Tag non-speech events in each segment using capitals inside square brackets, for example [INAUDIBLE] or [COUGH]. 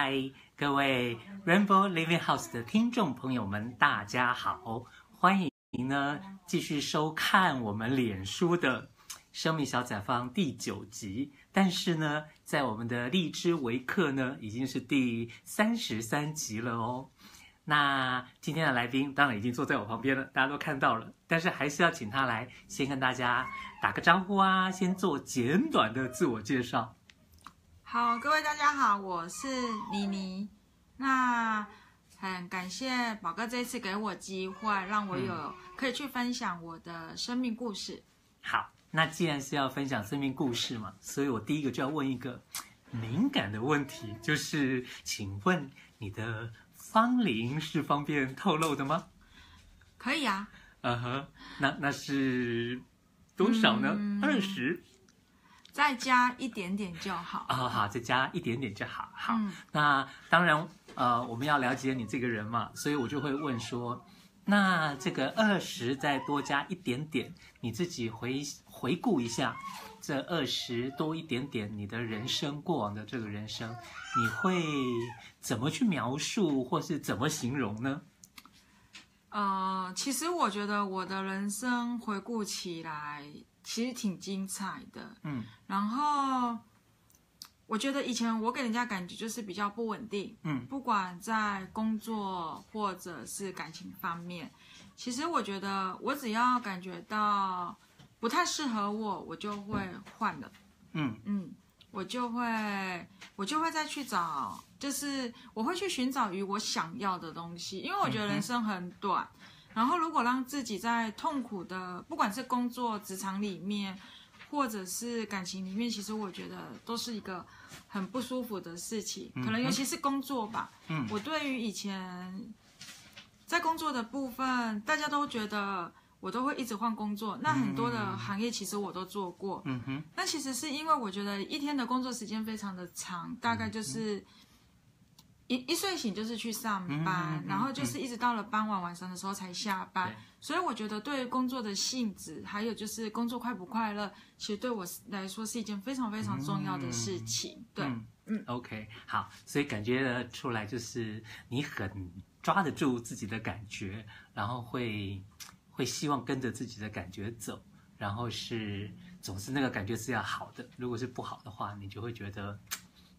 嗨，Hi, 各位 Rainbow Living House 的聽眾朋友們，大家好！歡迎您呢繼續收看我們臉書的《生命小采芳》第九集。但是呢，在我們的荔枝微課呢，已經是第三十三集了哦。那今天的來賓當然已經坐在我旁邊了，大家都看到了。但是還是要請他來先跟大家打個招呼啊，先做簡短的自我介紹。好，各位大家好，我是妮妮。那很感謝寶哥這一次給我機會，讓我有可以去分享我的生命故事。嗯。好，那既然是要分享生命故事嘛，所以我第一個就要問一個敏感的問題，就是請問你的芳齡是方便透露的嗎？可以啊。嗯哼、uh-huh, 那那是多少呢？二十。嗯。再加一點點就好啊、哦，好，再加一點點就好。好，嗯、那當然，呃，我們要了解你這個人嘛，所以我就會問說，那這個二十再多加一點點，你自己回回顧一下，這二十多一點點，你的人生過往的這個人生，你會怎麼去描述，或是怎麼形容呢？啊、呃，其實我覺得我的人生回顧起來。其實挺精彩的，嗯。然後，我覺得以前我給人家感覺就是比較不穩定，嗯。不管在工作或者是感情方面，其實我覺得我只要感覺到不太適合我，我就會換的、嗯，嗯嗯。我就會，我就會再去找，就是我會去尋找於我想要的東西，因為我覺得人生很短。嗯然後，如果讓自己在痛苦的，不管是工作、職場裡面，或者是感情裡面，其實我覺得都是一個很不舒服的事情。嗯哼。可能尤其是工作吧。嗯。我對於以前在工作的部分，大家都覺得我都會一直換工作。那很多的行業其實我都做過。嗯哼。那其實是因為我覺得一天的工作時間非常的長，大概就是。一一睡醒就是去上班，嗯、然後就是一直到了傍晚、嗯、晚上的時候才下班，對所以我覺得對於工作的性質，還有就是工作快不快樂，其實對我來說是一件非常非常重要的事情。嗯、對，嗯，OK，好，所以感覺出來就是你很抓得住自己的感覺，然後會會希望跟着自己的感覺走，然後是總是那個感覺是要好的，如果是不好的話，你就會覺得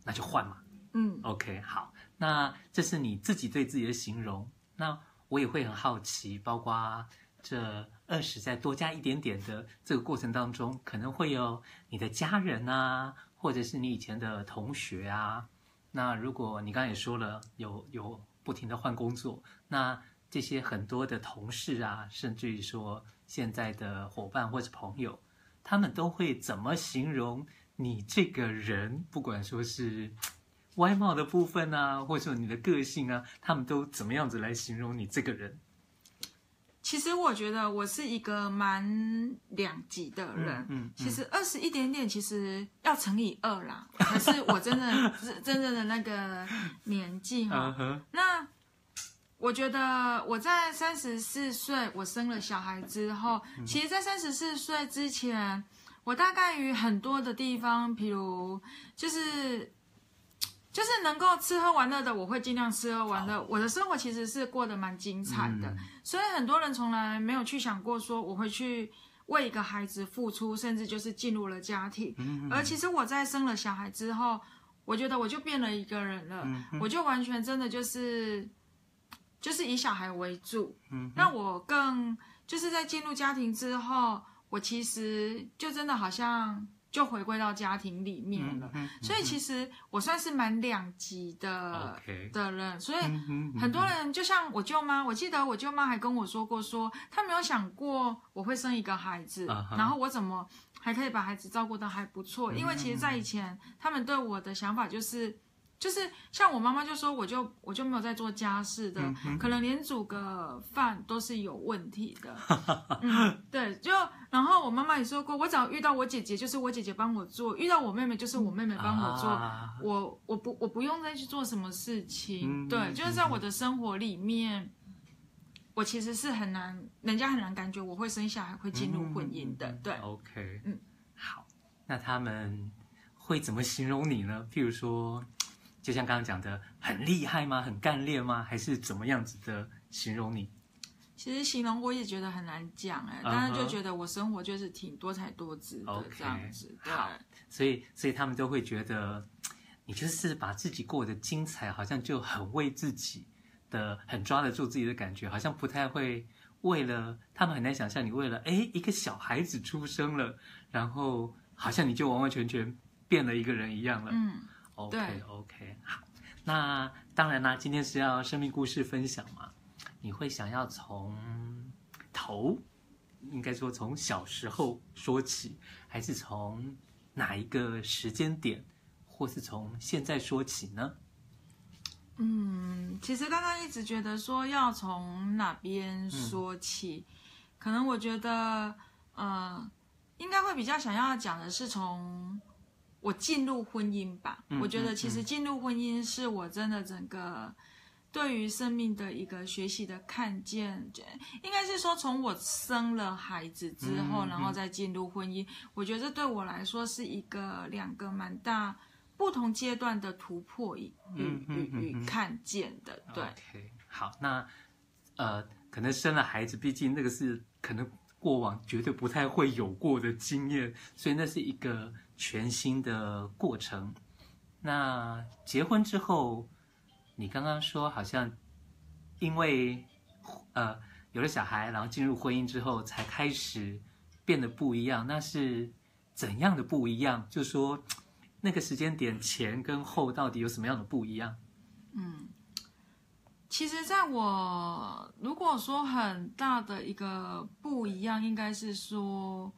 那就換嘛。嗯，OK，好，那這是你自己對自己的形容。那我也會很好奇，包括這二十再多加一點點的這個過程當中，可能會有你的家人啊，或者是你以前的同學啊。那如果你剛才也說了，有有不停的換工作，那這些很多的同事啊，甚至於說現在的夥伴或者朋友，他們都會怎麼形容你這個人？不管說是。外貌的部分啊，或者說你的個性啊，他們都怎麼樣子來形容你這個人？其實我覺得我是一個蠻兩極的人。嗯，嗯嗯其實，二十一點點，其實要乘以二啦。可 [LAUGHS] 是我真的， [LAUGHS] 真正的那個年紀哈。Uh huh. 那我覺得我在三十四歲，我生了小孩之後，其實在三十四歲之前，我大概於很多的地方，譬如就是。就是能夠吃喝玩樂的，我會盡量吃喝玩樂。Oh. 我的生活其實是過得蠻精彩的，所以，mm hmm. 很多人從來沒有去想過說我會去為一個孩子付出，甚至就是進入了家庭。Mm hmm. 而其實我在生了小孩之後，我覺得我就變了一個人了，mm hmm. 我就完全真的就是就是以小孩為主。Mm hmm. 那我更就是在進入家庭之後，我其實就真的好像。就回歸到家庭裡面了，嗯嗯嗯、所以其實我算是蠻兩極的 Okay. 的人，所以很多人就像我舅媽，我記得我舅媽還跟我說過說，說她沒有想過我會生一個孩子，uh huh. 然後我怎麼還可以把孩子照顧得還不錯，因為其實在以前、uh huh. 他們對我的想法就是。就是像我媽媽就說，我就我就沒有在做家事的，嗯嗯、可能連煮個飯都是有問題的。 [LAUGHS] 嗯、對，就然後我媽媽也說過，我只要遇到我姐姐，就是我姐姐幫我做；遇到我妹妹，就是我妹妹幫我做。啊、我我不我不用再去做什麼事情。嗯、對，就是在我的生活裡面，嗯、我其實是很難，人家很難感覺我會生小孩，會進入婚姻的。對，OK，嗯，好，那他們會怎麼形容你呢？譬如說。就像剛剛講的，很厲害嗎？很幹練嗎？還是怎麼樣子的形容你？其實形容我也覺得很難講哎，嗯哼。但是就覺得我生活就是挺多才多姿的 Okay, 這樣子，對。所以，所以他們都會覺得你就是把自己過得精彩，好像就很為自己的、很抓得住自己的感覺，好像不太會為了他們很難想象你為了哎一個小孩子出生了，然後好像你就完完全全變了一個人一樣了，嗯。對 okay，OK，好。那當然啦，今天是要生命故事分享嘛？你會想要從頭，應該說從小時候說起，還是從哪一個時間點，或是從現在說起呢？嗯，其實剛剛一直覺得說要從哪邊說起，嗯，可能我覺得，嗯，呃，應該會比較想要講的是從。我進入婚姻吧，嗯嗯嗯、我覺得其實進入婚姻是我真的整個對於生命的一個學習的看見，應該是說從我生了孩子之後，然後再進入婚姻，我覺得對我來說是一個兩個蠻大不同階段的突破與與與看見的。對，嗯嗯嗯嗯嗯嗯 Okay. 好，那呃，可能生了孩子，畢竟那個是可能。過往絕對不太會有過的經驗，所以那是一個全新的過程。那結婚之後，你剛剛說好像因為呃有了小孩，然後進入婚姻之後才開始變得不一樣，那是怎樣的不一樣？就是說那個時間點前跟後到底有什麼樣的不一樣？嗯。其實，在我如果說很大的一個不一樣，應該是說，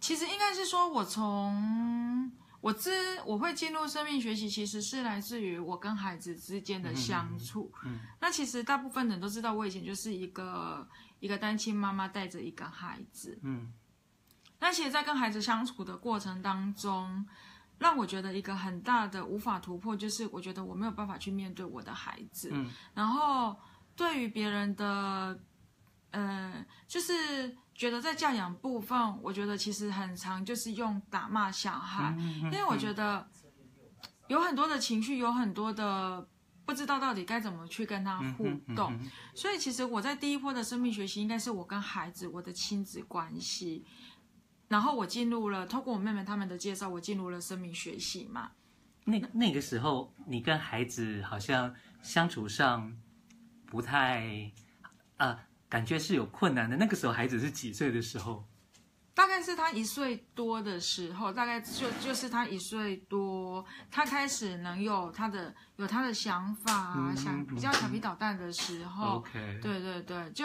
其實應該是說我從我知，我會進入生命學習，其實是來自於我跟孩子之間的相處。那其實大部分人都知道，我以前就是一個一個單親媽媽帶着一個孩子。嗯，那其實，在跟孩子相處的過程當中。讓我覺得一個很大的無法突破，就是我覺得我沒有辦法去面對我的孩子。嗯、然後對於別人的，嗯、呃，就是覺得在教養部分，我覺得其實很常就是用打罵小孩，嗯嗯嗯、因為我覺得有很多的情緒，有很多的不知道到底該怎麼去跟他互動。嗯嗯嗯嗯、所以其實我在第一波的生命學習，應該是我跟孩子，我的親子關係。然後我進入了，透過我妹妹他們的介紹，我進入了生命學習嘛。那那個時候你跟孩子好像相處上不太，呃，感覺是有困難的。那個時候孩子是幾歲的時候？大概是他一歲多的時候，大概就就是他一歲多，他開始能有他的有他的想法，嗯嗯、想比較調皮搗蛋的時候。嗯 okay. 對對對，就。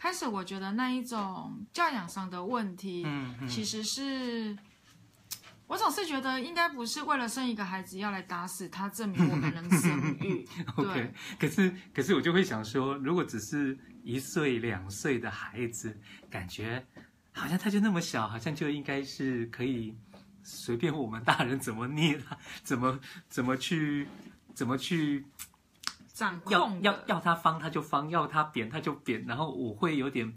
開始我覺得那一種教養上的問題，其實是，我總是覺得應該不是為了生一個孩子要來打死他，證明我們能生育。對。可是可是我就會想說，如果只是一歲兩歲的孩子，感覺好像他就那麼小，好像就應該是可以隨便我們大人怎麼捏他，怎麼怎麼去怎麼去。要要要他方他就方，要他扁他就扁，然後我會有點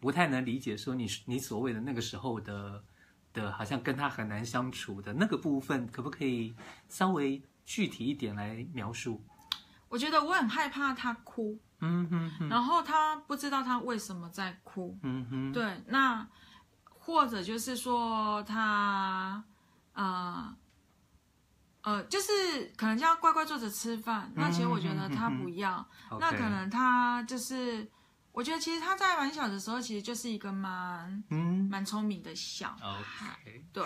不太能理解，說你你所謂的那個時候的的，好像跟他很難相處的那個部分，可不可以稍微具體一點來描述？我覺得我很害怕他哭，嗯哼哼，然後他不知道他為什麼在哭，嗯哼，對，那或者就是說他啊。呃呃，就是可能就要乖乖坐着吃飯。嗯、那其實我覺得他不一樣，嗯嗯嗯、那可能他就是，Okay. 我覺得其實他在蠻小的時候，其實就是一個蠻嗯蠻聰明的小孩。Okay. 對，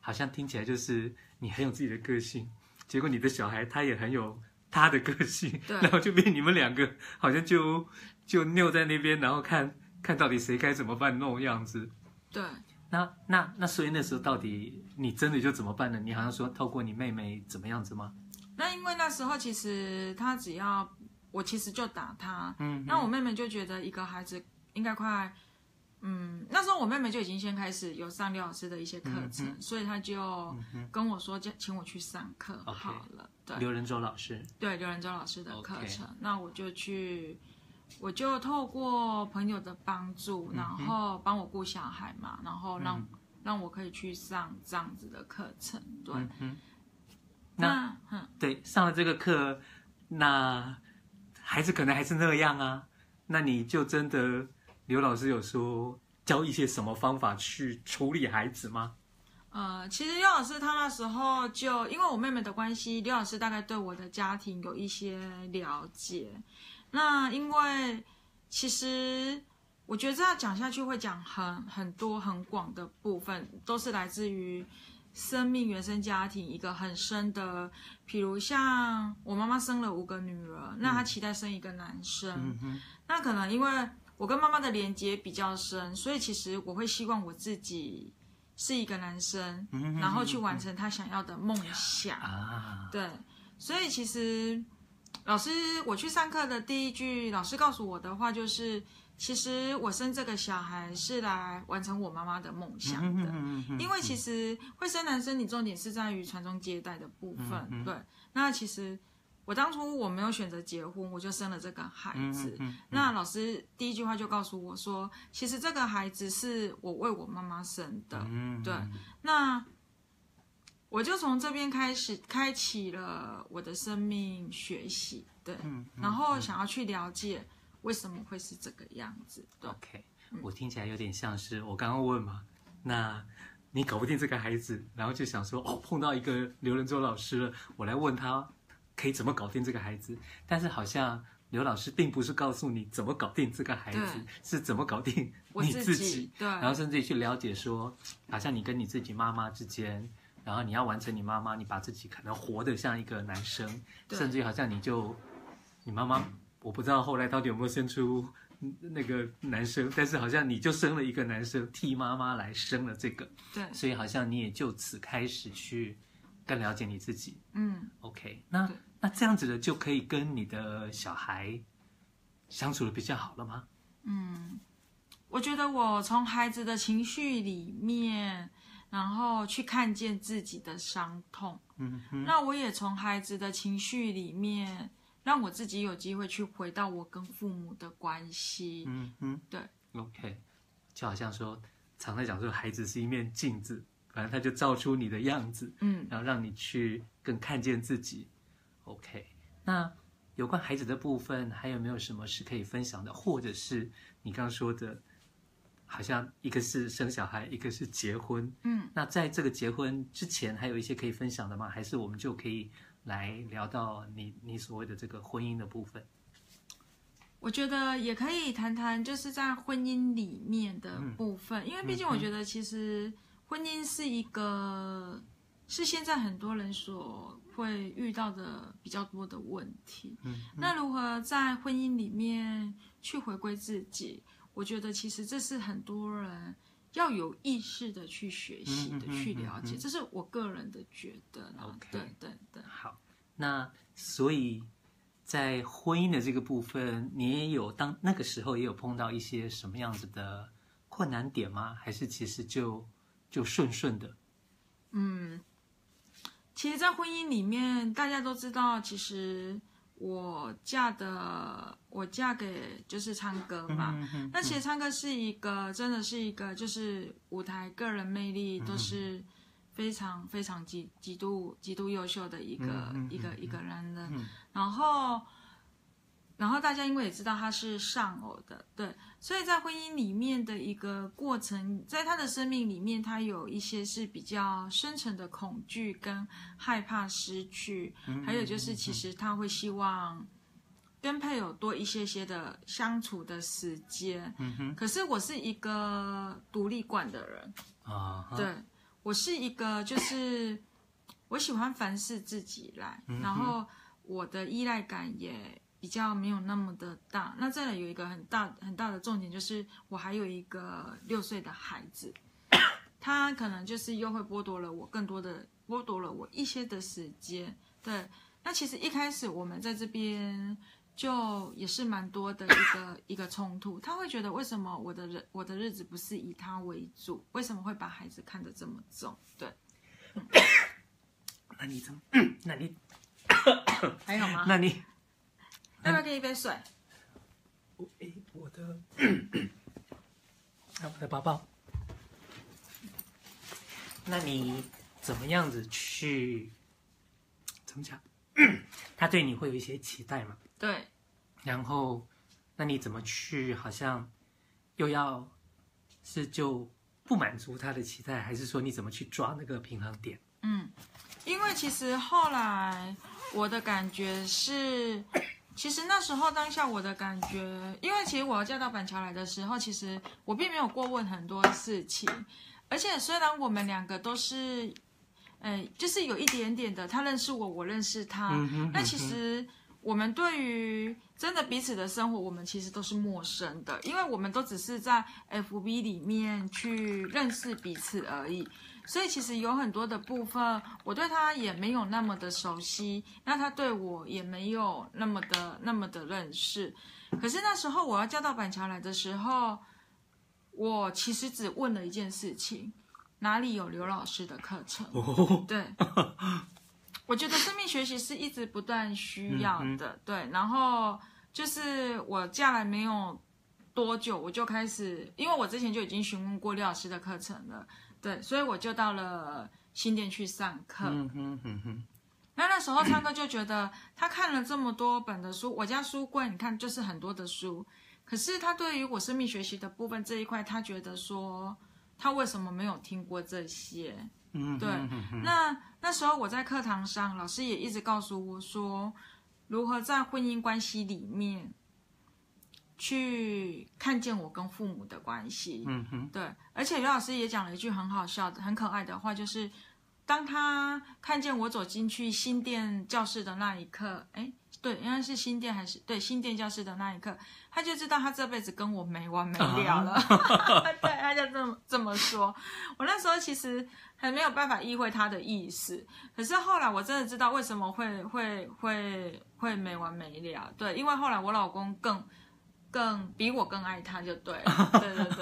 好像聽起來就是你很有自己的個性，結果你的小孩他也很有他的個性，對。然後就被你們兩個好像就就拗在那邊，然後看看到底誰該怎麼辦那種樣子。對。那那那，那那所以那時候到底你真的就怎麼辦呢？你好像說透過你妹妹怎麼樣子嗎？那因為那時候其實他只要我其實就打他，嗯，嗯那我妹妹就覺得一個孩子應該快，嗯，那時候我妹妹就已經先開始有上劉老師的一些課程，嗯嗯、所以他就跟我說叫、嗯嗯、請我去上課好了。Okay. 對，劉仁州老師，對劉仁州老師的課程，Okay. 那我就去。我就透過朋友的幫助，然後幫我顧小孩嘛，嗯、哼然後讓、嗯、讓我可以去上這樣子的課程。對，嗯、那，那嗯、對，上了這個課，那孩子可能還是那樣啊。那你就真的劉老師有說教一些什麼方法去處理孩子嗎？呃，其實劉老師他那時候就因為我妹妹的關係，劉老師大概對我的家庭有一些了解。那因為其實我覺得這樣講下去會講很很多很廣的部分，都是來自於生命原生家庭一個很深的，譬如像我媽媽生了五個女兒，那她期待生一個男生。嗯、那可能因為我跟媽媽的連接比較深，所以其實我會希望我自己是一個男生，嗯、然後去完成她想要的夢想。啊、對，所以其實。老師，我去上課的第一句老師告訴我的話就是：其實我生這個小孩是來完成我媽媽的夢想的。因為其實會生男生，你重點是在於傳宗接代的部分。對，那其實我當初我沒有選擇結婚，我就生了這個孩子。那老師第一句話就告訴我說：其實這個孩子是我為我媽媽生的。對，那。我就從這邊開始開啟了我的生命學習，對，嗯嗯、然後想要去了解為什麼會是這個樣子。OK，、嗯、我聽起來有點像是我剛剛問嘛，那你搞不定這個孩子，然後就想說哦，碰到一個劉仁州老師了，我來問他可以怎麼搞定這個孩子。但是好像劉老師並不是告訴你怎麼搞定這個孩子，對是怎麼搞定你自己，自己對，然後甚至去了解說，好像你跟你自己媽媽之間。然後你要完成你媽媽，你把自己可能活得像一個男生，對甚至於好像你就，你媽媽、嗯、我不知道後來到底有沒有生出那個男生，但是好像你就生了一個男生替媽媽來生了這個，對，所以好像你也就此開始去更了解你自己，嗯對，OK，那對那這樣子的就可以跟你的小孩相處的比較好了嗎？嗯，我覺得我從孩子的情緒裡面。然後去看見自己的傷痛，嗯哼，那我也從孩子的情緒裡面，讓我自己有機會去回到我跟父母的關係，嗯嗯哼，對，OK，就好像說，常常講說孩子是一面鏡子，反正他就照出你的樣子，嗯，然後讓你去更看見自己，OK。那有關孩子的部分，還有沒有什麼是可以分享的，或者是你剛剛說的？好像一個是生小孩，一個是結婚。嗯，那在這個結婚之前，還有一些可以分享的嗎？還是我們就可以來聊到你你所謂的這個婚姻的部分？我覺得也可以談談，就是在婚姻裡面的部分，嗯，因為畢竟我覺得，其實婚姻是一個是現在很多人所會遇到的比較多的問題。嗯，嗯。那如何在婚姻裡面去回歸自己？我覺得其實這是很多人要有意識的去學習的、去了解，這是我個人的覺得啦、嗯。對、嗯嗯嗯嗯、對、對、對、對。好，那所以，在婚姻的這個部分，你也有當那個時候也有碰到一些什麼樣子的困難點嗎？還是其實就就順順的？嗯，其實，在婚姻裡面，大家都知道，其實。我嫁的，我嫁給就是唱歌嘛。嗯嗯嗯、那其實唱歌是一個，真的是一個，就是舞台、個人魅力都是非常非常極極度極度優秀的一個、嗯嗯嗯、一個一個人的。嗯嗯嗯嗯、然後。然後大家因為也知道他是喪偶的，對，所以在婚姻裡面的一個過程，在他的生命裡面，他有一些是比較深沉的恐懼跟害怕失去，還有就是其實他會希望跟配偶多一些些的相處的時間。可是我是一個獨立慣的人，對。我是一個就是，我喜歡凡事自己來，然後我的依賴感也。比較沒有那麼的大，那再來有一個很大很大的重點，就是我還有一個六歲的孩子，他可能就是又會剝奪了我更多的，剝奪了我一些的時間。對，那其實一開始我們在這邊就也是蠻多的一個一個衝突，他會覺得為什麼我的人，我的日子不是以他為主，為什麼會把孩子看得這麼重？對，那你怎麼？那你還有嗎？那你。要不要給你一杯水？我的、欸、我的，要不、嗯啊、那你怎麼樣子去？怎麼講？他對你會有一些期待嘛？對。然後，那你怎麼去？好像又要是就不滿足他的期待，還是說你怎麼去抓那個平衡點？嗯，因為其實後來我的感覺是。 [COUGHS] 其實那時候，當下我的感覺，因為其實我要嫁到板橋來的時候，其實我並沒有過問很多事情，而且雖然我們兩個都是，嗯、呃，就是有一點點的，他認識我，我認識他，嗯嗯、那其實我們對於真的彼此的生活，我們其實都是陌生的，因為我們都只是在 FB 裡面去認識彼此而已。所以其實有很多的部分，我對他也沒有那麼的熟悉，那他對我也沒有那麼的那麼的認識。可是那時候我要嫁到板橋來的時候，我其實只問了一件事情：哪裡有劉老師的課程？哦、對， [LAUGHS] 我覺得生命學習是一直不斷需要的。嗯嗯、對，然後就是我嫁來沒有多久，我就開始，因為我之前就已經詢問過劉老師的課程了。對，所以我就到了新店去上課。 [NOISE] 那那時候昌哥就覺得他看了這麼多本的書，我家書櫃你看就是很多的書，可是他對於我生命學習的部分這一塊，他覺得說他為什麼沒有聽過這些？ [NOISE] 對。那那時候我在課堂上，老師也一直告訴我說，如何在婚姻關係裡面。去看見我跟父母的關係，嗯哼，對，而且劉老師也講了一句很好笑的、很可愛的話，就是當他看見我走進去新店教室的那一刻，哎，對，應該是新店還是對新店教室的那一刻，他就知道他這輩子跟我沒完沒了了，啊、 [LAUGHS] 對，他就這麼這麼說。我那時候其實還沒有辦法意會他的意思，可是後來我真的知道為什麼會會會會沒完沒了，對，因為後來我老公更。更比我更愛他就對了，對對對對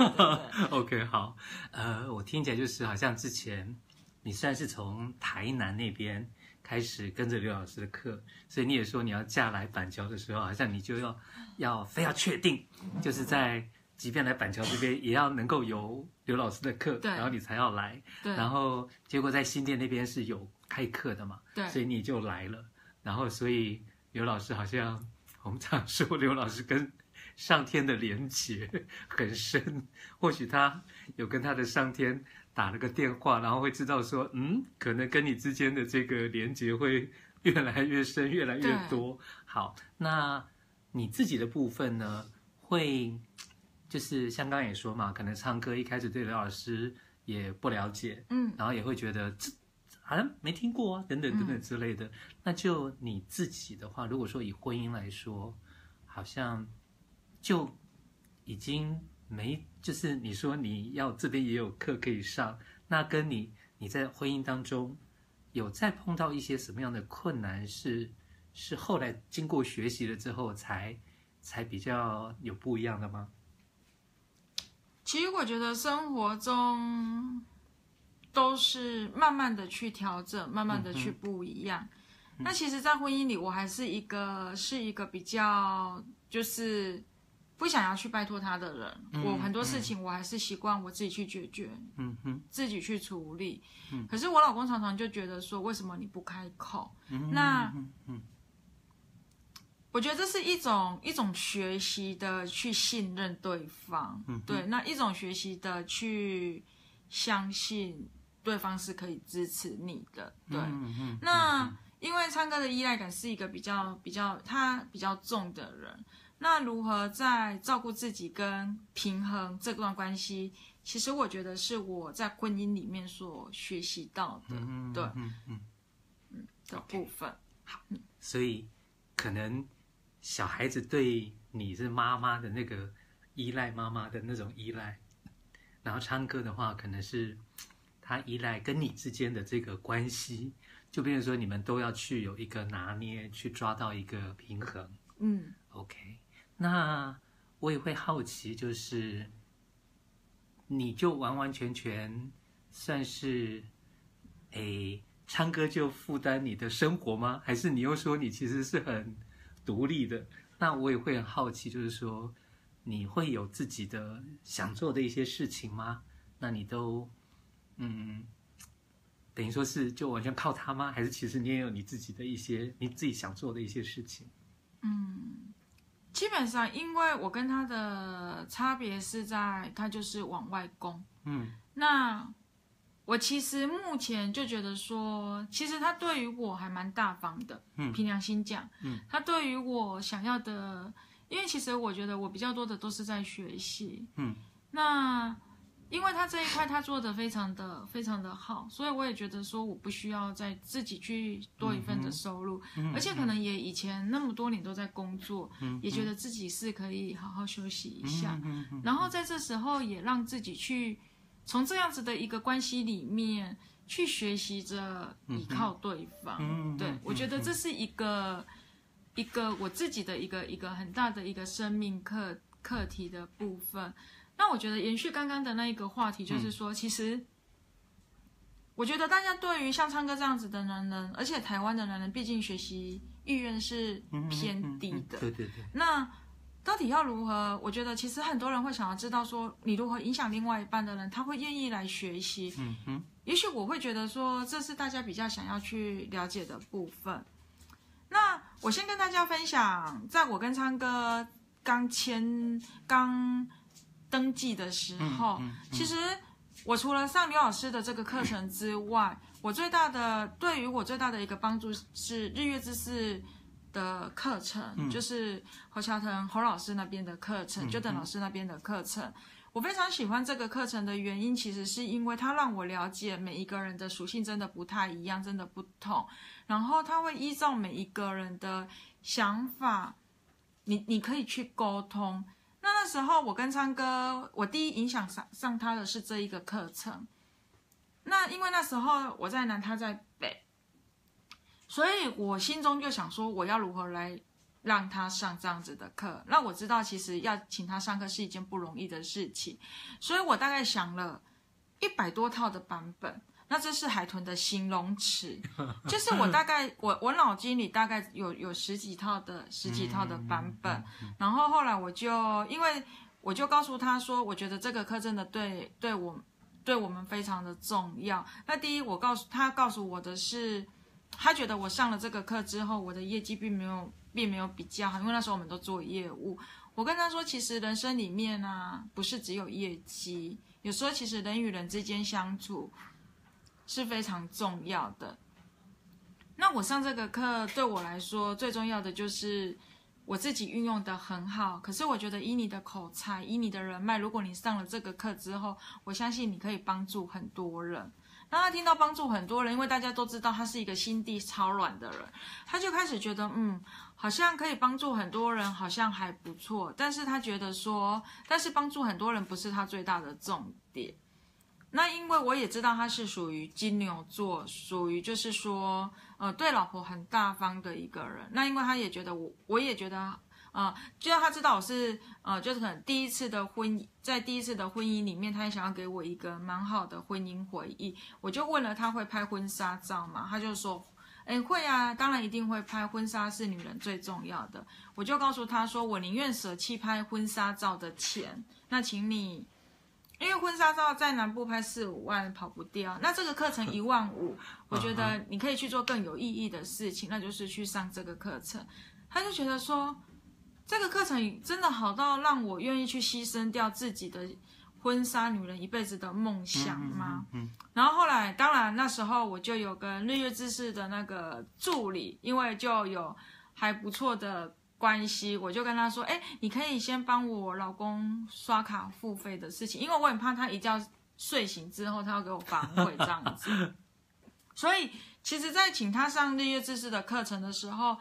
對。 [LAUGHS] OK，好，呃，我聽起來就是好像之前你算是從台南那邊開始跟着劉老師的課，所以你也說你要嫁來板橋的時候，好像你就要要非要確定，就是在即便來板橋這邊也要能夠有劉老師的課， [LAUGHS] 然後你才要來。對然後結果在新店那邊是有開課的嘛？對，所以你就來了。然後所以劉老師好像我們常說劉老師跟。上天的連結很深，或許他有跟他的上天打了個電話，然後會知道說，嗯，可能跟你之間的這個連結會越來越深，越來越多。對好，那你自己的部分呢？會就是像剛剛也說嘛，可能唱歌一開始對劉老師也不了解，嗯，然後也會覺得這好像、啊、沒聽過啊，等等等等之類的。嗯、那就你自己的話，如果說以婚姻來說，好像。就已經沒，就是你說你要這邊也有課可以上，那跟你你在婚姻當中有再碰到一些什麼樣的困難是，是是後來經過學習了之後才才比較有不一樣的嗎？其實我覺得生活中都是慢慢的去調整，慢慢的去不一樣。嗯嗯、那其實，在婚姻裡，我還是一個是一個比較就是。不想要去拜託他的人，嗯、我很多事情我還是習慣我自己去解決，嗯嗯、自己去處理。嗯、可是我老公常常就覺得說，為什麼你不開口？嗯、那，嗯嗯、我覺得這是一種一種學習的去信任對方，嗯嗯、對，那一種學習的去相信對方是可以支持你的，對，嗯嗯嗯、那。因為昌哥的依賴感是一個比較比較他比較重的人，那如何在照顧自己跟平衡這段關係，其實我覺得是我在婚姻裡面所學習到的，嗯、對，嗯嗯的部分。Okay. 好，所以可能小孩子對你是媽媽的那個依賴，媽媽的那種依賴，然後昌哥的話，可能是他依賴跟你之間的這個關係。就變成說，你們都要去有一個拿捏，去抓到一個平衡，嗯，OK。那我也會好奇，就是你就完完全全算是哎、欸、唱歌就負擔你的生活嗎？還是你又說你其實是很獨立的？那我也會很好奇，就是說你會有自己的想做的一些事情嗎？那你都嗯。等於說是就完全靠他嗎？還是其實你也有你自己的一些你自己想做的一些事情？嗯，基本上因為我跟他的差別是在他就是往外攻，嗯，那我其實目前就覺得說，其實他對於我還蠻大方的，嗯，憑良心講，嗯，他對於我想要的，因為其實我覺得我比較多的都是在學習，嗯，那。因為他這一塊他做的非常的非常的好，所以我也覺得說我不需要再自己去多一份的收入，而且可能也以前那麼多年都在工作，也覺得自己是可以好好休息一下，然後在這時候也讓自己去從這樣子的一個關係裡面去學習着依靠對方，對，我覺得這是一個一個我自己的一個一個很大的一個生命課課題的部分。那我覺得延續剛剛的那一個話題，就是說，嗯、其實，我覺得大家對於像昌哥這樣子的男人呢，而且台灣的男人，畢竟學習意願是偏低的。對對、嗯嗯嗯、對。對對，那到底要如何？我覺得其實很多人會想要知道，說你如何影響另外一半的人，他會願意來學習。嗯哼。嗯也許我會覺得說，這是大家比較想要去了解的部分。那我先跟大家分享，在我跟昌哥剛簽剛。登記的時候，嗯嗯嗯、其實我除了上劉老師的這個課程之外，我最大的對於我最大的一個幫助是日月之勢的課程，嗯、就是侯喬騰侯老師那邊的課程，嗯嗯、就鄧老師那邊的課程。我非常喜歡這個課程的原因，其實是因為它讓我了解每一個人的屬性真的不太一樣，真的不同。然後他會依照每一個人的想法，你你可以去溝通。那那時候，我跟昌哥，我第一影響上上他的是這一個課程。那因為那時候我在南，他在北，所以我心中就想說，我要如何來讓他上這樣子的課？那我知道，其實要請他上課是一件不容易的事情，所以我大概想了一百多套的版本。那這是海豚的形容詞，就是我大概我我腦筋裡大概有有十幾套的十幾套的版本，然後後來我就因為我就告訴他說，我覺得這個課真的對對我對我們非常的重要。那第一，我告訴他告訴我的是，他覺得我上了這個課之後，我的業績並沒有並沒有比較好，因為那時候我們都做業務。我跟他說，其實人生裡面啊，不是只有業績，有時候其實人與人之間相處，是非常重要的。那我上這個課對我來說最重要的就是我自己運用得很好。可是我覺得以你的口才、以你的人脈，如果你上了這個課之後，我相信你可以幫助很多人。當他聽到幫助很多人，因為大家都知道他是一個心地超軟的人，他就開始覺得，嗯，好像可以幫助很多人，好像還不錯。但是他覺得說，但是幫助很多人不是他最大的重點。那因為我也知道他是屬於金牛座，屬於就是說，呃，對老婆很大方的一個人。那因為他也覺得我，我也覺得，啊、呃，就要他知道我是，呃，就是可能第一次的婚，在第一次的婚姻裡面，他也想要給我一個蠻好的婚姻回憶。我就問了他會拍婚紗照嗎？他就說，嗯，會啊，當然一定會拍婚紗，是女人最重要的。我就告訴他說，我寧願捨棄拍婚紗照的錢，那請你。因為婚紗照在南部拍四五萬跑不掉，那這個課程一萬五， [LAUGHS] 我覺得你可以去做更有意義的事情，那就是去上這個課程。他就覺得說，這個課程真的好到讓我願意去犧牲掉自己的婚紗、女人一輩子的夢想嗎？嗯嗯嗯嗯，然後後來，當然那時候我就有跟日月知識的那個助理，因為就有還不錯的。關係，我就跟他說，哎，你可以先幫我老公刷卡付費的事情，因為我很怕他一覺睡醒之後，他要給我反悔這樣子。 [LAUGHS] 所以，其實，在請他上綠月知識的課程的時候，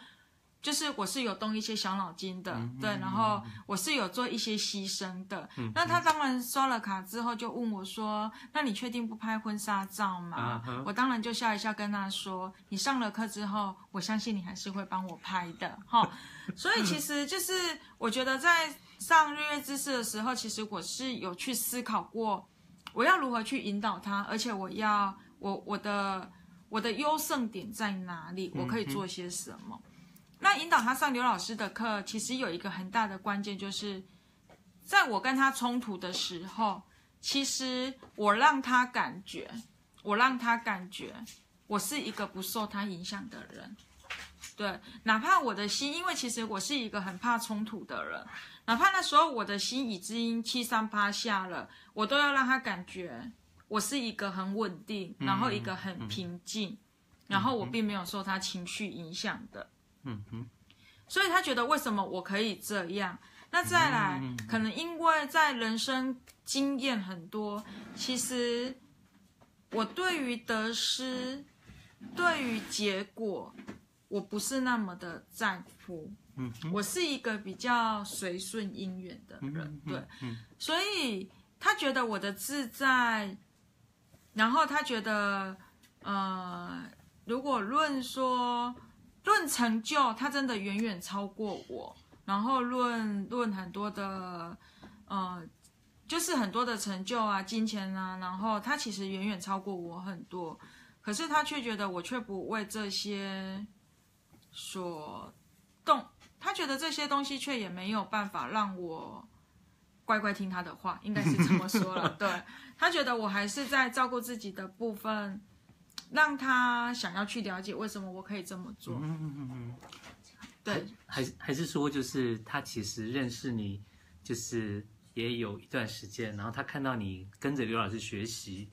就是我是有動一些小腦筋的，對，然後我是有做一些犧牲的。那他當然刷了卡之後就問我說：“那你確定不拍婚紗照嗎？” uh huh. 我當然就笑一笑跟他說：“你上了課之後，我相信你還是會幫我拍的，哈。”所以其實就是我覺得在上日月知識的時候，其實我是有去思考過，我要如何去引導他，而且我要我我的我的優勝點在哪裡，我可以做些什麼。Uh huh. 那引導他上劉老師的課，其實有一個很大的關鍵，就是在我跟他衝突的時候，其實我讓他感覺，我讓他感覺，我是一個不受他影響的人。對，哪怕我的心，因為其實我是一個很怕衝突的人，哪怕那時候我的心已經七上八下了，我都要讓他感覺我是一個很穩定，然後一個很平靜，然後我並沒有受他情緒影響的。嗯哼，所以他覺得為什麼我可以這樣？那再來，可能因為在人生經驗很多，其實我對於得失，對於結果，我不是那麼的在乎。嗯，我是一個比較隨順姻緣的人，對。所以他覺得我的自在，然後他覺得，呃，如果論說。論成就，他真的遠遠超過我。然後論論很多的，呃，就是很多的成就啊、金錢啊，然後他其實遠遠超過我很多。可是他卻覺得我卻不為這些所動，他覺得這些東西卻也沒有辦法讓我乖乖聽他的話，應該是這麼說了。對，他覺得我還是在照顧自己的部分。讓他想要去了解為什麼我可以這麼做。嗯嗯嗯嗯。嗯嗯，對，還是還是說就是他其實認識你，就是也有一段時間，然後他看到你跟着劉老師學習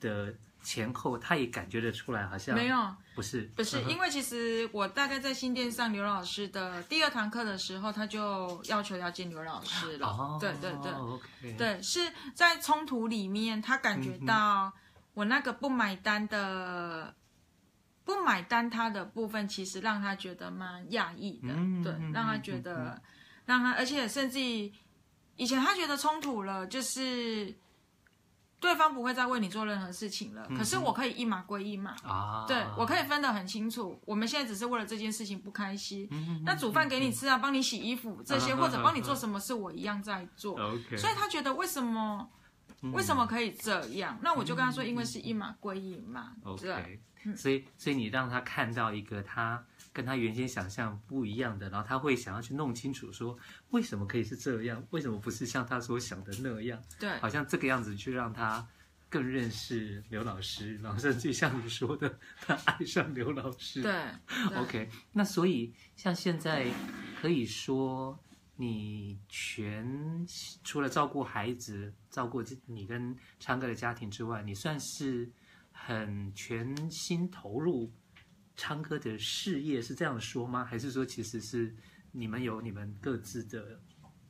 的前後，他也感覺得出來，好像不是沒有，不是不是，嗯、哼因為其實我大概在新店上劉老師的第二堂課的時候，他就要求要見劉老師了。哦、對對對，哦 okay、對，是在衝突裡面，他感覺到、嗯。嗯我那個不買單的，不買單他的部分，其實讓他覺得蠻訝異的，對，讓他覺得，讓他，而且甚至以前他覺得衝突了，就是對方不會再為你做任何事情了。可是我可以一碼歸一碼，啊、嗯哼，對，我可以分得很清楚。我們現在只是為了這件事情不開心，那煮飯給你吃啊，幫你洗衣服這些，或者幫你做什麼事，我一樣在做。嗯、哼所以他覺得為什麼？為什麼可以這樣？嗯、那我就跟他說，因為是一碼歸一碼、嗯、知道？okay, 所以，所以你讓他看到一個他跟他原先想象不一樣的，然後他會想要去弄清楚，說為什麼可以是這樣，為什麼不是像他所想的那樣？對，好像這個樣子去讓他更認識劉老師，然後甚至像你說的，他愛上劉老師。對，對，OK。那所以像現在可以說。你全除了照顧孩子，照顧自你跟昌哥的家庭之外，你算是很全心投入昌哥的事業，是這樣說嗎？還是說，其實是你們有你們各自的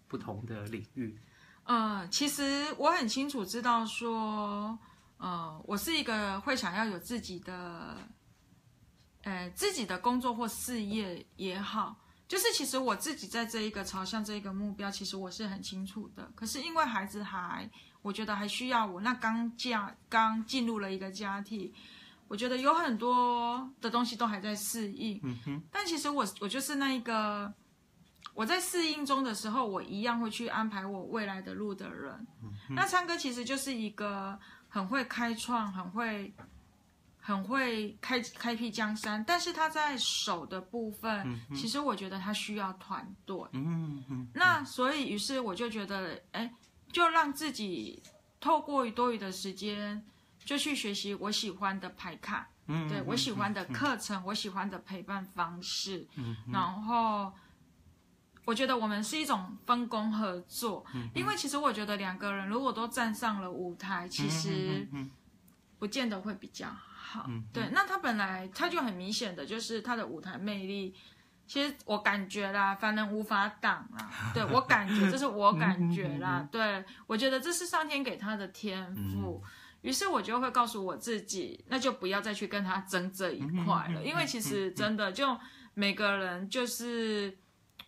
不同的領域？呃，其實我很清楚知道說，呃，我是一個會想要有自己的，呃，自己的工作或事業也好。就是其實我自己在這一個朝向這一個目標，其實我是很清楚的。可是因為孩子還，我覺得還需要我。那剛嫁剛進入了一個家庭，我覺得有很多的東西都還在適應。嗯、哼但其實我我就是那一個，我在適應中的時候，我一樣會去安排我未來的路的人。嗯、哼那昌哥其實就是一個很會開創、很會。很會開開闢江山，但是他在守的部分，嗯、哼其實我覺得他需要團隊。嗯嗯，那所以於是我就覺得，哎，就讓自己透過多餘的時間，就去學習我喜歡的牌卡，嗯哼，對，我喜歡的課程，嗯、哼我喜歡的陪伴方式。嗯哼，然後我覺得我們是一種分工合作，嗯、哼因為其實我覺得兩個人如果都站上了舞台，其實不見得會比較好。嗯，對，那他本來他就很明顯的，就是他的舞台魅力，其實我感覺啦，凡人無法擋啦。對，我感覺，這是我感覺啦，對，我覺得這是上天給他的天賦。嗯、於是我就會告訴我自己，那就不要再去跟他爭這一塊了，嗯、因為其實真的就每個人就是，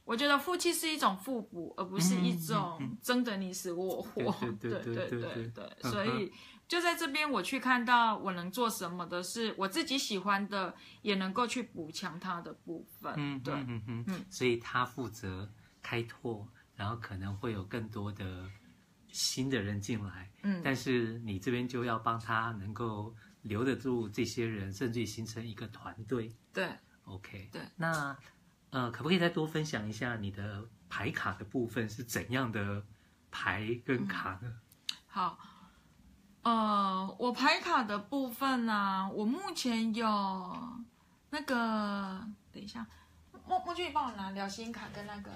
我覺得夫妻是一種互補，而不是一種爭得你死我活。對對，對對對對，所以。呵呵就在這邊，我去看到我能做什麼的是我自己喜歡的，也能夠去補強他的部分。嗯，對，嗯哼，嗯，所以他負責開拓，然後可能會有更多的新的人進來。嗯，但是你這邊就要幫他能夠留得住這些人，甚至形成一個團隊。對，OK，對。Okay, 對那呃，可不可以再多分享一下你的牌卡的部分是怎樣的牌跟卡呢？嗯，好。呃，我牌卡的部分呢、啊，我目前有那個，等一下，莫莫俊宇幫我拿聊心卡跟那個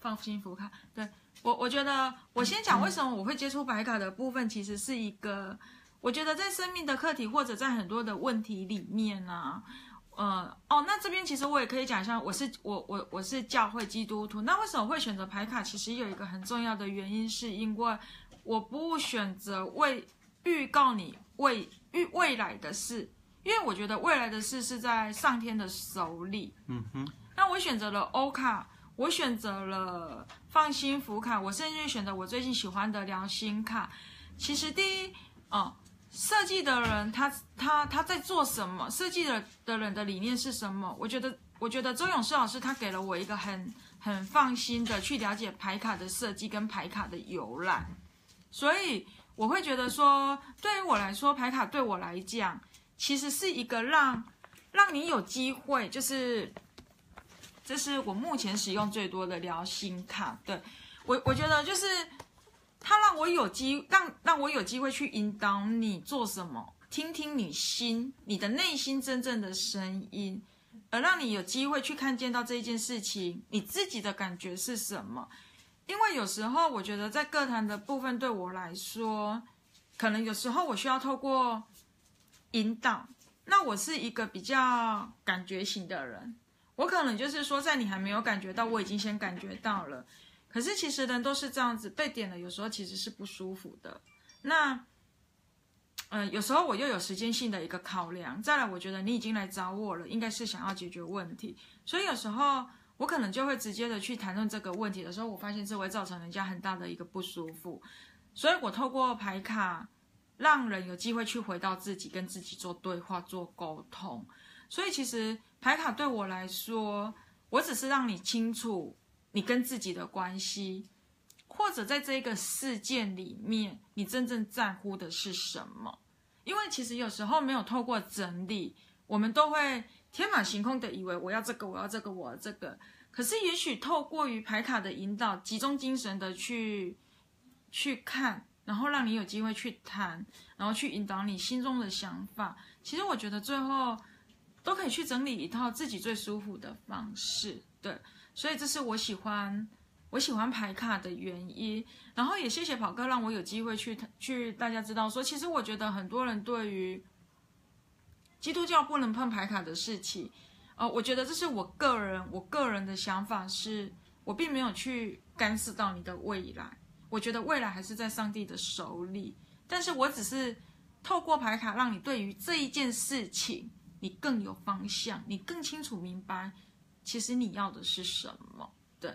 放心福卡。對我，我覺得我先講為什麼我會接觸牌卡的部分，其實是一個，嗯、我覺得在生命的課題或者在很多的問題裡面呢、啊，呃，哦，那這邊其實我也可以講一下，我是我我我是教會基督徒，那為什麼會選擇牌卡？其實有一個很重要的原因，是因為我不選擇為。預告你未未，未來的事，因為我覺得未來的事是在上天的手裡。嗯哼，那我選擇了歐卡，我選擇了放心福卡，我甚至選擇我最近喜歡的良心卡。其實，第一，哦、嗯，設計的人他他他在做什麼？設計的的人的理念是什麼？我覺得，我覺得周詠詩老師他給了我一個很很放心的去了解牌卡的設計跟牌卡的遊覽，所以。我會覺得說，對於我來說，牌卡對我來講，其實是一個讓，讓你有機會，就是，這是我目前使用最多的療心卡。對，我我覺得就是，它讓我有機，讓讓我有機會去引導你做什麼，聽聽你心，你的內心真正的聲音，而讓你有機會去看見到這一件事情，你自己的感覺是什麼？因為有時候我覺得在歌壇的部分對我來說，可能有時候我需要透過引導。那我是一個比較感覺型的人，我可能就是說，在你還沒有感覺到，我已經先感覺到了。可是其實人都是這樣子，被點了，有時候其實是不舒服的。那，呃，有時候我又有時間性的一個考量。再來，我覺得你已經來找我了，應該是想要解決問題，所以有時候。我可能就會直接的去談論這個問題的時候，我發現這會造成人家很大的一個不舒服，所以我透過牌卡，讓人有機會去回到自己，跟自己做對話、做溝通。所以其實牌卡對我來說，我只是讓你清楚你跟自己的關係，或者在這個事件裡面，你真正在乎的是什麼。因為其實有時候沒有透過整理，我們都會。天馬行空的以為我要這個，我要這個，我要這個，可是也許透過於牌卡的引導，集中精神的去去看，然後讓你有機會去談，然後去引導你心中的想法。其實我覺得最後都可以去整理一套自己最舒服的方式。對，所以這是我喜歡我喜歡牌卡的原因。然後也謝謝跑哥讓我有機會去去大家知道說，其實我覺得很多人對於。基督教不能碰牌卡的事情，呃，我覺得這是我個人，我個人的想法是，我並沒有去干涉到你的未來。我覺得未來還是在上帝的手裡，但是我只是透過牌卡讓你對於這一件事情，你更有方向，你更清楚明白，其實你要的是什麼。對，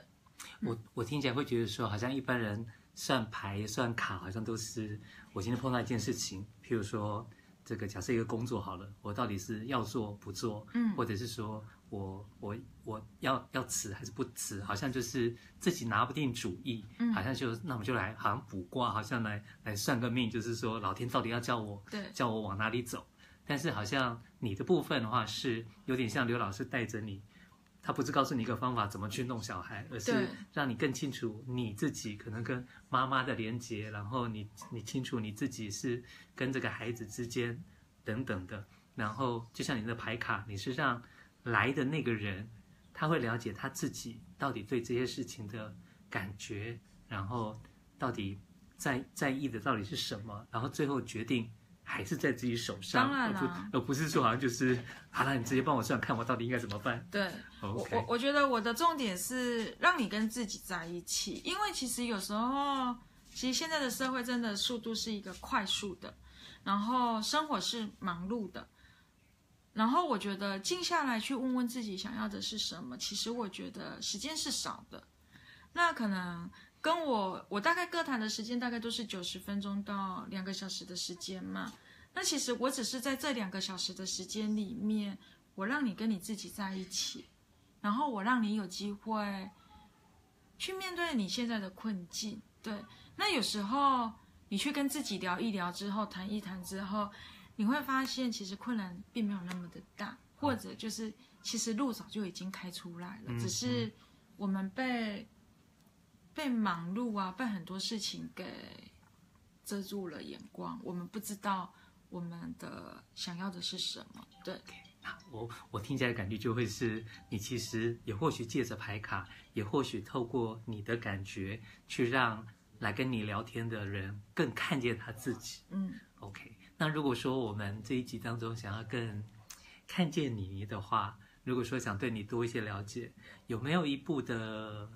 我我聽起來會覺得說，好像一般人算牌算卡，好像都是我今天碰到一件事情，嗯、譬如說。這個假設一個工作好了，我到底是要做不做，嗯，或者是說我我我要要辭還是不辭，好像就是自己拿不定主意，嗯，好像就那我們就來好像卜卦，好像來來算個命，就是說老天到底要叫我，對，叫我往哪裡走，但是好像你的部分的話是有點像劉老師帶着你，他不是告訴你一個方法怎麼去弄小孩，而是讓你更清楚你自己可能跟媽媽的連結，然後你你清楚你自己是跟這個孩子之間等等的，然後就像你的牌卡，你是讓來的那個人，他會了解他自己到底對這些事情的感覺，然後到底在在意的到底是什麼，然後最後決定。還是在自己手上。當然了、啊，呃，而不是說好像就是，好了，你直接幫我算，看我到底應該怎麼辦？對，Okay 我我我覺得我的重點是讓你跟自己在一起，因為其實有時候，其實現在的社會真的速度是一個快速的，然後生活是忙碌的，然後我覺得靜下來去問問自己想要的是什麼，其實我覺得時間是少的，那可能。跟我，我大概各談的時間大概都是九十分鐘到兩個小時的時間嘛。那其實我只是在這兩個小時的時間裡面，我讓你跟你自己在一起，然後我讓你有機會去面對你現在的困境。對，那有時候你去跟自己聊一聊之後，談一談之後，你會發現其實困難並沒有那麼的大，或者就是其實路早就已經開出來了，嗯嗯，只是我們被。被忙碌啊，被很多事情給遮住了眼光，我們不知道我們的想要的是什麼？對，okay, 那我我聽起來的感覺就會是你其實也或許借着牌卡，也或許透過你的感覺去讓來跟你聊天的人更看見他自己。嗯，OK。那如果說我們這一集當中想要更看見你的話，如果說想對你多一些了解，有沒有一步的？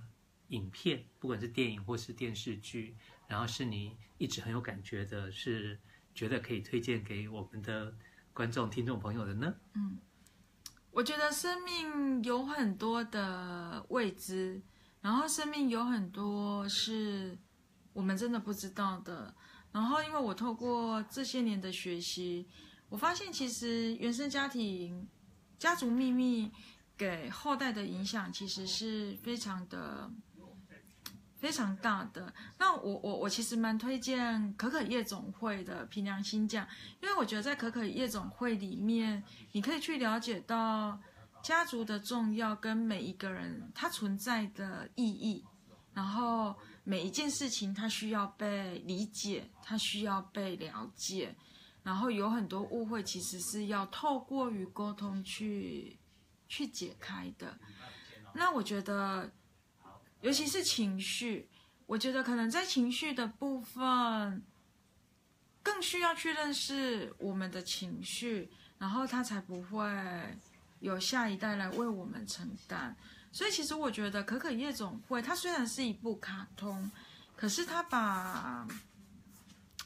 影片，不管是電影或是電視劇，然後是你一直很有感覺的，是覺得可以推薦給我們的觀眾、聽眾朋友的呢？嗯，我覺得生命有很多的未知，然後生命有很多是我們真的不知道的。然後，因為我透過這些年的學習，我發現其實原生家庭、家族秘密給後代的影響，其實是非常的。非常大的。那我我我其實蠻推薦《可可夜總會》的，憑良心講，因為我覺得在《可可夜總會》裡面，你可以去了解到家族的重要跟每一個人他存在的意義，然後每一件事情它需要被理解，它需要被了解，然後有很多誤會其實是要透過與溝通去去解開的。那我覺得。尤其是情緒，我覺得可能在情緒的部分，更需要去認識我們的情緒，然後他才不會有下一代來為我們承擔。所以，其實我覺得《可可夜總會》它雖然是一部卡通，可是他把，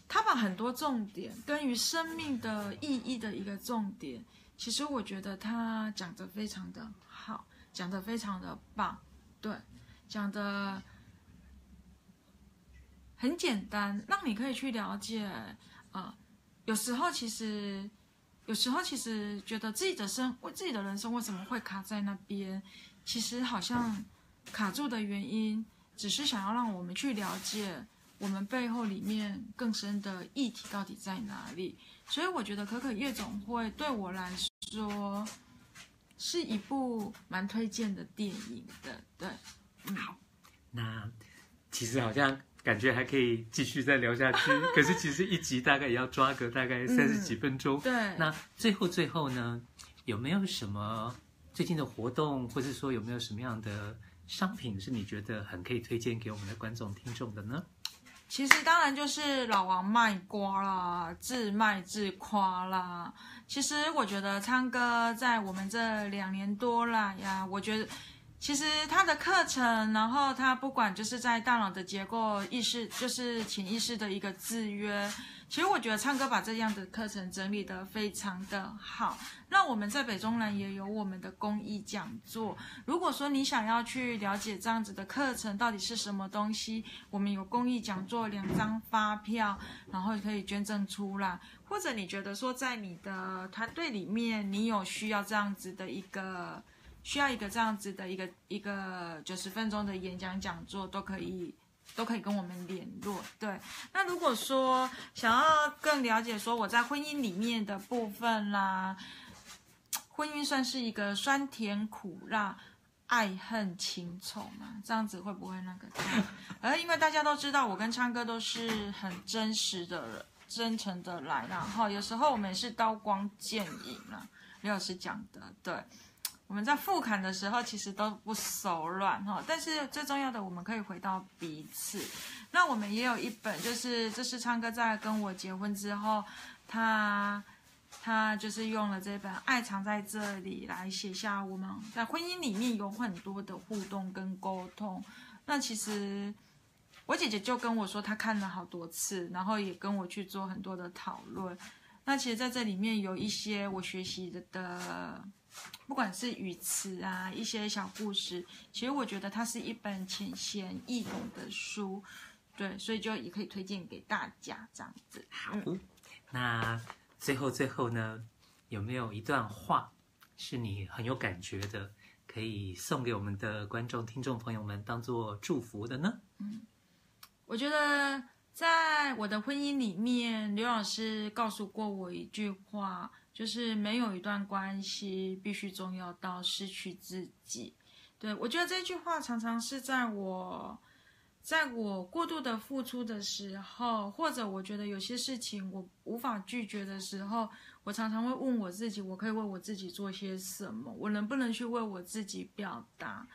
他把很多重點關於生命的意義的一個重點，其實我覺得他講的非常的好，講的非常的棒，對。講的很簡單，讓你可以去了解啊、嗯。有時候其實，有時候其實覺得自己的生為自己的人生為什麼會卡在那邊？其實好像卡住的原因，只是想要讓我們去了解我們背後裡面更深的議題到底在哪裡？所以我覺得《可可夜總會》對我來說是一部蠻推薦的電影的，對。好，那其實好像感覺還可以繼續再聊下去， [LAUGHS] 可是其實一集大概也要抓個大概三十幾分鐘。嗯、對，那最後最後呢，有沒有什麼最近的活動，或者是說有沒有什麼樣的商品是你覺得很可以推薦給我們的觀眾聽眾的呢？其實當然就是老王賣瓜啦，自賣自誇啦。其實我覺得昌哥在我們這兩年多了呀，我覺得。其實他的課程，然後他不管就是在大腦的結構、意識，就是潛意識的一個制約。其實我覺得唱歌把這樣的課程整理得非常的好。那我們在北中南也有我們的公益講座。如果說你想要去了解這樣子的課程到底是什麼東西，我們有公益講座，兩張發票，然後也可以捐贈出來。或者你覺得說在你的團隊裡面，你有需要這樣子的一個。需要一個這樣子的一個一個九十分鐘的演講講座，都可以都可以跟我們聯絡。對，那如果說想要更了解說我在婚姻裡面的部分啦，婚姻算是一個酸甜苦辣、愛恨情仇嘛？這樣子會不會那個？而、 [LAUGHS] 呃、因為大家都知道，我跟昌哥都是很真實的人，真誠的來，然後有時候我們也是刀光劍影啊。劉老師講的，對。我們在復盤的時候，其實都不手軟哈。但是最重要的，我們可以回到彼此。那我們也有一本，就是這是昌哥在跟我結婚之後，他他就是用了這本《愛藏在這裡》來寫下我們在婚姻裡面有很多的互動跟溝通。那其實我姐姐就跟我說，她看了好多次，然後也跟我去做很多的討論。那其實在這裡面有一些我學習的。不管是語詞啊，一些小故事，其實我覺得它是一本淺顯易懂的書，對，所以就也可以推薦給大家這樣子。好，嗯，那最後最後呢，有沒有一段話是你很有感覺的，可以送給我們的觀眾、聽眾朋友們當做祝福的呢？嗯，我覺得在我的婚姻裡面，劉老師告訴過我一句話。就是沒有一段關係必須重要到失去自己。對，我覺得這句話常常是在我，在我過度的付出的時候，或者我覺得有些事情我無法拒絕的時候，我常常會問我自己：我可以為我自己做些什麼？我能不能去為我自己表達？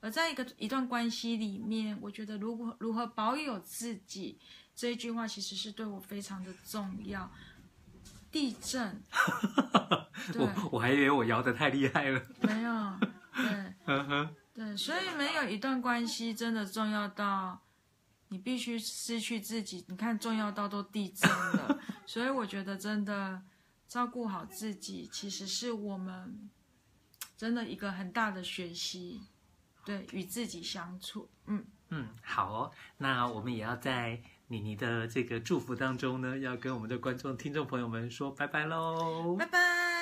而在一個一段關係裡面，我覺得如果如何保有自己，這一句話其實是對我非常的重要。地震，對我我還以為我搖得太厲害了， [LAUGHS] 沒有，對，對，所以沒有一段關係真的重要到你必須失去自己。你看重要到都地震了， [LAUGHS] 所以我覺得真的照顧好自己，其實是我們真的一個很大的學習，對，Okay. 與自己相處，嗯嗯，好哦，那我們也要在妮妮的這個祝福當中呢，要跟我們的觀眾、聽眾朋友們說拜拜嘍！拜拜。